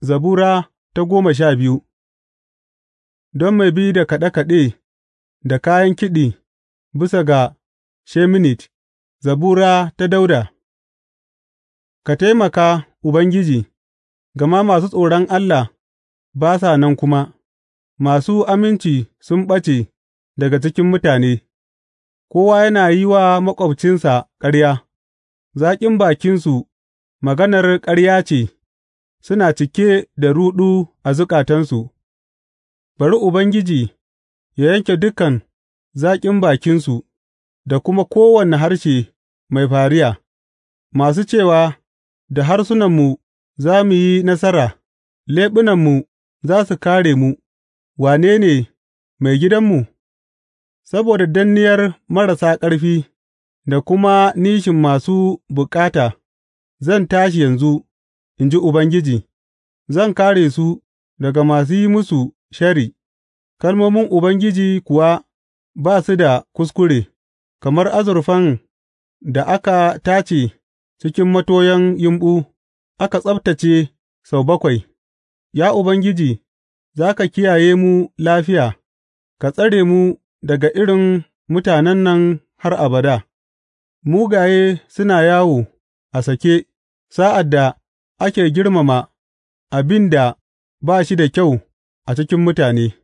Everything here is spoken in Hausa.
Zabura ta goma sha biyu Don mai bi da kaɗe kaɗe da kayan kiɗi bisa ga sheminit, zabura ta Dauda. Ka taimaka, Ubangiji, gama masu tsoron Allah ba sa nan kuma; masu aminci sun ɓace daga cikin mutane, kowa yana yi wa maƙwabcinsa ƙarya, zaƙin bakinsu maganar ƙarya ce. suna cike da ruɗu a zukatansu, bari Ubangiji ya yanke dukan zaƙin bakinsu da kuma kowane harshe mai fariya, masu cewa, Da harsunanmu za mu yi nasara, leɓunanmu za su kare mu, wane ne gidanmu? Saboda danniyar marasa ƙarfi da kuma nishin masu bukata, zan tashi yanzu. in ji Ubangiji, zan kāre su daga masu yi musu shari. kalmomin Ubangiji kuwa ba su da kuskure, kamar azurfan da aka tace cikin matoyan yumɓu, aka tsabtace sau bakwai. Ya Ubangiji, za ka kiyaye mu lafiya, ka tsare mu daga irin mutanen nan har abada, mugaye suna yawo a sake sa'ad da ake girmama abin da ba shi da kyau a cikin mutane.